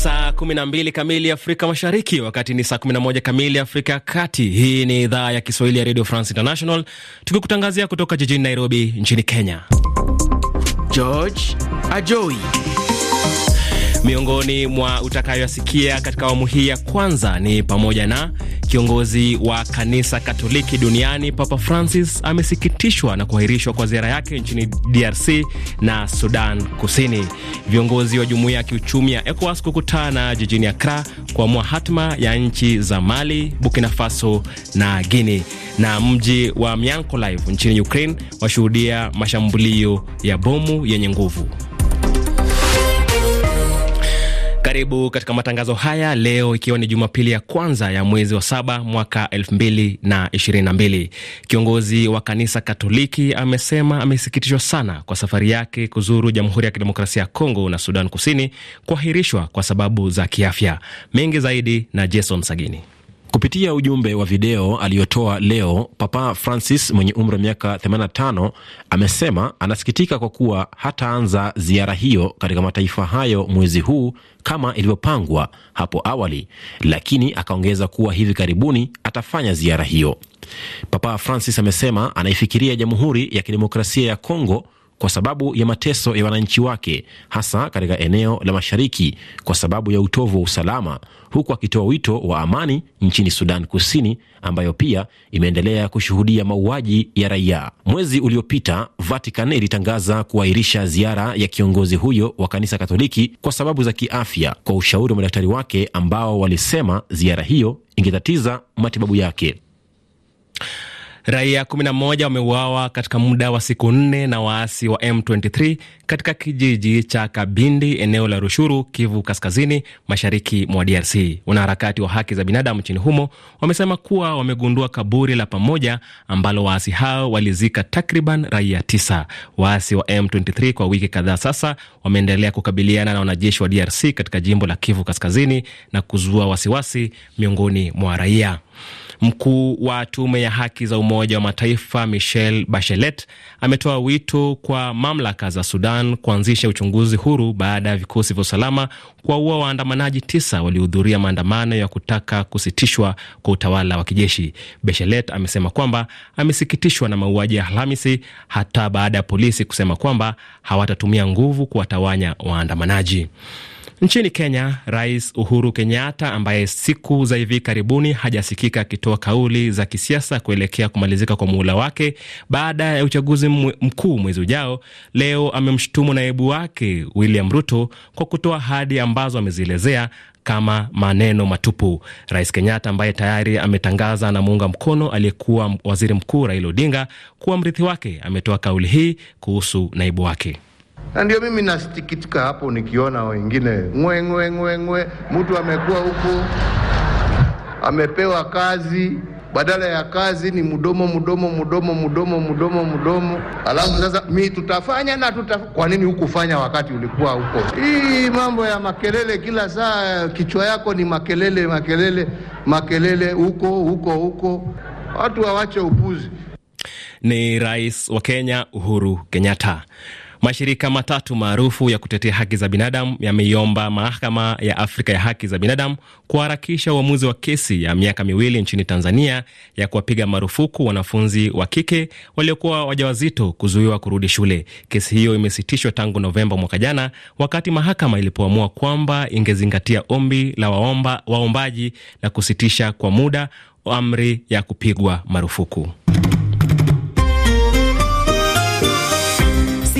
saa 12 kamili Afrika Mashariki, wakati ni saa 11 kamili Afrika ya Kati. Hii ni idhaa ya Kiswahili ya Radio France International, tukikutangazia kutoka jijini Nairobi nchini Kenya. George Ajoi Miongoni mwa utakayoyasikia katika awamu hii ya kwanza ni pamoja na kiongozi wa kanisa Katoliki duniani Papa Francis amesikitishwa na kuahirishwa kwa ziara yake nchini DRC na Sudan Kusini. Viongozi wa jumuiya ya kiuchumi ya ECOWAS kukutana jijini Accra kuamua hatma ya nchi za Mali, Burkina Faso na Guinea. Na mji wa Mykolaiv nchini Ukraine washuhudia mashambulio ya bomu yenye nguvu. Karibu katika matangazo haya leo, ikiwa ni Jumapili ya kwanza ya mwezi wa saba mwaka elfu mbili na ishirini na mbili. Kiongozi wa kanisa Katoliki amesema amesikitishwa sana kwa safari yake kuzuru Jamhuri ya Kidemokrasia ya Kongo na Sudan Kusini kuahirishwa kwa sababu za kiafya. Mengi zaidi na Jason Sagini. Kupitia ujumbe wa video aliyotoa leo, Papa Francis mwenye umri wa miaka 85 amesema anasikitika kwa kuwa hataanza ziara hiyo katika mataifa hayo mwezi huu kama ilivyopangwa hapo awali, lakini akaongeza kuwa hivi karibuni atafanya ziara hiyo. Papa Francis amesema anaifikiria Jamhuri ya Kidemokrasia ya Kongo kwa sababu ya mateso ya wananchi wake, hasa katika eneo la mashariki kwa sababu ya utovu wa usalama, huku akitoa wito wa amani nchini Sudan Kusini ambayo pia imeendelea kushuhudia mauaji ya raia. Mwezi uliopita, Vatican ilitangaza kuahirisha ziara ya kiongozi huyo wa kanisa Katoliki kwa sababu za kiafya, kwa ushauri wa madaktari wake ambao walisema ziara hiyo ingetatiza matibabu yake. Raia 11 wameuawa katika muda wa siku nne na waasi wa M23 katika kijiji cha Kabindi, eneo la Rushuru, Kivu Kaskazini, mashariki mwa DRC. Wanaharakati wa haki za binadamu nchini humo wamesema kuwa wamegundua kaburi la pamoja ambalo waasi hao walizika takriban raia tisa. Waasi wa M23 kwa wiki kadhaa sasa wameendelea kukabiliana na wanajeshi wa DRC katika jimbo la Kivu Kaskazini na kuzua wasiwasi miongoni mwa raia. Mkuu wa tume ya haki za Umoja wa Mataifa Michelle Bachelet ametoa wito kwa mamlaka za Sudan kuanzisha uchunguzi huru baada ya vikosi vya usalama kuwaua waandamanaji tisa waliohudhuria maandamano ya kutaka kusitishwa kwa utawala wa kijeshi. Bachelet amesema kwamba amesikitishwa na mauaji ya Alhamisi hata baada ya polisi kusema kwamba hawatatumia nguvu kuwatawanya waandamanaji. Nchini Kenya, Rais Uhuru Kenyatta ambaye siku za hivi karibuni hajasikika akitoa kauli za kisiasa kuelekea kumalizika kwa muhula wake baada ya uchaguzi mkuu mwezi ujao, leo amemshutumu naibu wake William Ruto kwa kutoa ahadi ambazo amezielezea kama maneno matupu. Rais Kenyatta ambaye tayari ametangaza anamuunga mkono aliyekuwa waziri mkuu Raila Odinga kuwa mrithi wake, ametoa kauli hii kuhusu naibu wake na ndio mimi nasikitika hapo nikiona wengine ngwe ngwe ngwe ngwe, mtu amekuwa huko amepewa kazi, badala ya kazi ni mdomo mdomo mdomo mdomo mdomo mdomo, alafu sasa mi tutafanya na tuta. Kwa nini hukufanya wakati ulikuwa huko? Hii mambo ya makelele kila saa, kichwa yako ni makelele makelele makelele, huko huko huko, watu wawache upuzi. Ni Rais wa Kenya Uhuru Kenyatta. Mashirika matatu maarufu ya kutetea haki za binadamu yameiomba mahakama ya Afrika ya haki za binadamu kuharakisha uamuzi wa kesi ya miaka miwili nchini Tanzania ya kuwapiga marufuku wanafunzi wa kike waliokuwa wajawazito kuzuiwa kurudi shule. Kesi hiyo imesitishwa tangu Novemba mwaka jana, wakati mahakama ilipoamua kwamba ingezingatia ombi la waomba, waombaji la kusitisha kwa muda amri ya kupigwa marufuku.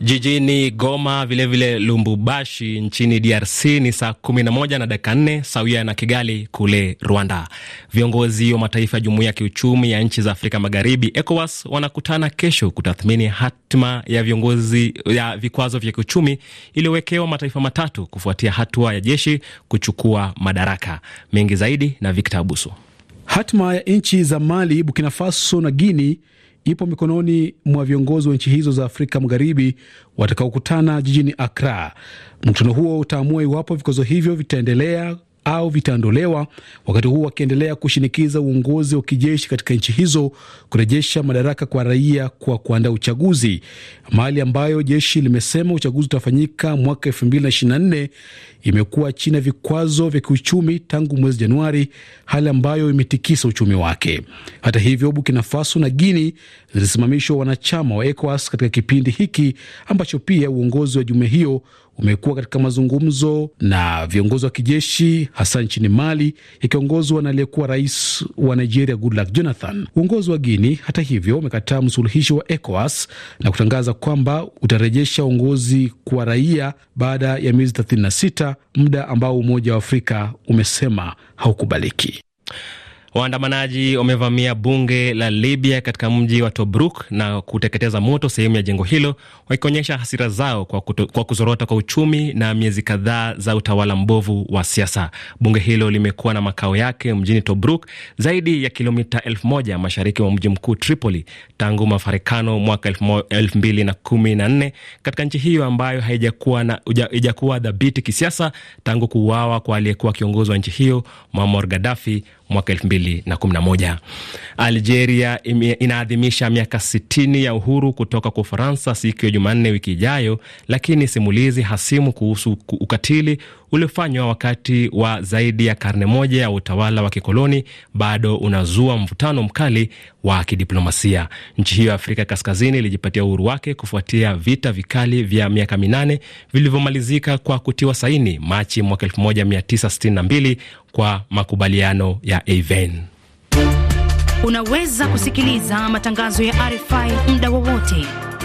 jijini Goma, vilevile lumbubashi nchini DRC ni saa kumi na dakika 4 sawia na Kigali kule Rwanda. Viongozi wa mataifa ya jumuiya ya kiuchumi ya nchi za Afrika Magharibi, ECOWAS, wanakutana kesho kutathmini hatima ya viongozi ya vikwazo vya kiuchumi iliyowekewa mataifa matatu kufuatia hatua ya jeshi kuchukua madaraka. Mengi zaidi na Victor Abuso. Hatima ya nchi za Mali, Burkina Faso na Guini ipo mikononi mwa viongozi wa nchi hizo za Afrika Magharibi watakaokutana jijini akra Mkutano huo utaamua iwapo vikwazo hivyo vitaendelea au vitaondolewa, wakati huu wakiendelea kushinikiza uongozi wa kijeshi katika nchi hizo kurejesha madaraka kwa raia kwa kuandaa uchaguzi, mali ambayo jeshi limesema uchaguzi utafanyika mwaka 2024 imekuwa chini ya vikwazo vya kiuchumi tangu mwezi Januari, hali ambayo imetikisa uchumi wake. Hata hivyo, Burkina Faso na Guini zilisimamishwa wanachama wa ECOWAS katika kipindi hiki ambacho pia uongozi wa jumuiya hiyo umekuwa katika mazungumzo na viongozi wa kijeshi hasa nchini Mali, ikiongozwa na aliyekuwa rais wa Nigeria Goodluck Jonathan. Uongozi wa Guini hata hivyo umekataa msuluhishi wa ECOWAS na kutangaza kwamba utarejesha uongozi kwa raia baada ya miezi 36, muda ambao Umoja wa Afrika umesema haukubaliki. Waandamanaji wamevamia bunge la Libya katika mji wa Tobruk na kuteketeza moto sehemu ya jengo hilo, wakionyesha hasira zao kwa, kuto, kwa kuzorota kwa uchumi na miezi kadhaa za utawala mbovu wa siasa. Bunge hilo limekuwa na makao yake mjini Tobruk, zaidi ya kilomita elfu moja mashariki mwa mji mkuu Tripoli tangu mafarikano mwaka elfu mbili na kumi na nne katika nchi hiyo ambayo haijakuwa dhabiti kisiasa tangu kuuawa kwa aliyekuwa kiongozi wa nchi hiyo Muammar Gaddafi mwaka moja. Algeria inaadhimisha miaka 60 ya uhuru kutoka kwa Ufaransa siku ya Jumanne wiki ijayo, lakini simulizi hasimu kuhusu ukatili uliofanywa wakati wa zaidi ya karne moja ya utawala wa kikoloni bado unazua mvutano mkali wa kidiplomasia. Nchi hiyo ya Afrika Kaskazini ilijipatia uhuru wake kufuatia vita vikali vya miaka minane vilivyomalizika kwa kutiwa saini Machi mwaka 1962 kwa makubaliano ya Aven. Unaweza kusikiliza matangazo ya RFI muda wowote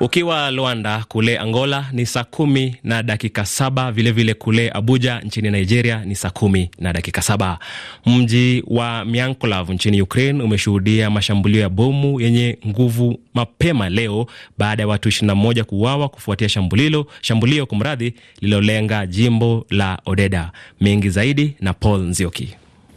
Ukiwa Luanda kule Angola ni saa kumi na dakika saba. Vilevile vile kule Abuja nchini Nigeria ni saa kumi na dakika saba. Mji wa Mykolaiv nchini Ukraine umeshuhudia mashambulio ya bomu yenye nguvu mapema leo baada ya watu 21 kuuawa kufuatia shambulio shambulio kumradhi, lililolenga jimbo la Odeda. Mengi zaidi na Paul Nzioki.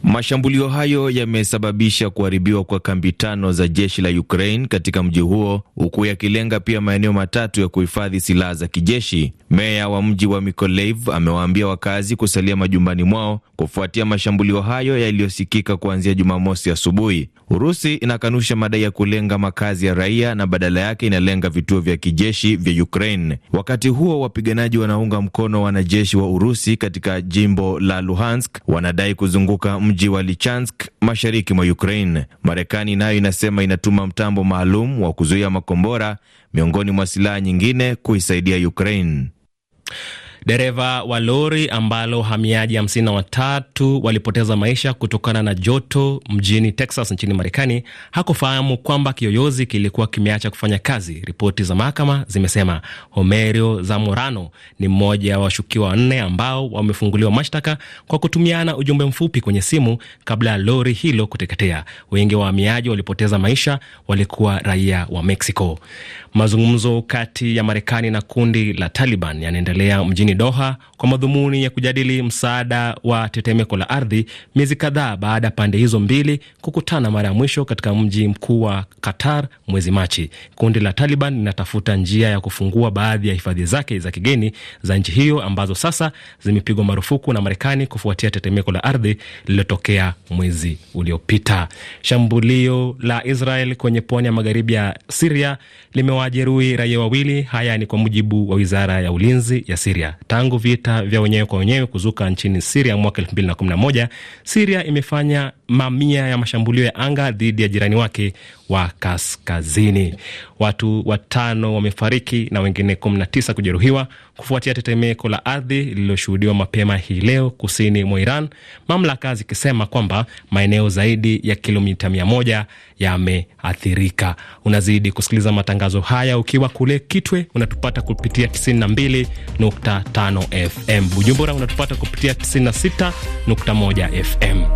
Mashambulio hayo yamesababisha kuharibiwa kwa kambi tano za jeshi la Ukraine katika mji huo huku yakilenga pia maeneo matatu ya kuhifadhi silaha za kijeshi. Meya wa mji wa Mykolaiv amewaambia wakazi kusalia majumbani mwao kufuatia mashambulio hayo yaliyosikika kuanzia Jumamosi asubuhi. Urusi inakanusha madai ya kulenga makazi ya raia na badala yake inalenga vituo vya kijeshi vya Ukraine. Wakati huo, wapiganaji wanaunga mkono wanajeshi wa Urusi katika jimbo la Luhansk wanadai kuzunguka mji mji wa Lichansk mashariki mwa Ukraine. Marekani nayo inasema inatuma mtambo maalum wa kuzuia makombora miongoni mwa silaha nyingine kuisaidia Ukraine. Dereva wa lori ambalo wahamiaji hamsini watatu walipoteza maisha kutokana na joto mjini Texas nchini Marekani hakufahamu kwamba kiyoyozi kilikuwa kimeacha kufanya kazi. Ripoti za mahakama zimesema Homerio Zamorano ni mmoja wa washukiwa wanne ambao wamefunguliwa mashtaka kwa kutumiana ujumbe mfupi kwenye simu kabla ya lori hilo kuteketea. Wengi wa wahamiaji walipoteza maisha walikuwa raia wa Mexico. Mazungumzo kati ya Marekani na kundi la Taliban yanaendelea mjini mjini Doha kwa madhumuni ya kujadili msaada wa tetemeko la ardhi, miezi kadhaa baada ya pande hizo mbili kukutana mara ya mwisho katika mji mkuu wa Qatar mwezi Machi. Kundi la Taliban linatafuta njia ya kufungua baadhi ya hifadhi zake za kigeni za nchi hiyo ambazo sasa zimepigwa marufuku na Marekani kufuatia tetemeko la ardhi lililotokea mwezi uliopita. Shambulio la Israel kwenye pwani ya magharibi ya Siria limewajeruhi raia wawili. Haya ni kwa mujibu wa wizara ya ulinzi ya Siria. Tangu vita vya wenyewe kwa wenyewe kuzuka nchini Siria mwaka 2011, Siria imefanya mamia ya mashambulio ya anga dhidi ya jirani wake wa kaskazini. Watu watano wamefariki na wengine 19 kujeruhiwa kufuatia tetemeko la ardhi lililoshuhudiwa mapema hii leo kusini mwa Iran, mamlaka zikisema kwamba maeneo zaidi ya kilomita 100 yameathirika. Unazidi kusikiliza matangazo haya ukiwa kule Kitwe, unatupata kupitia 92.5 FM. Bujumbura unatupata kupitia 96.1 FM.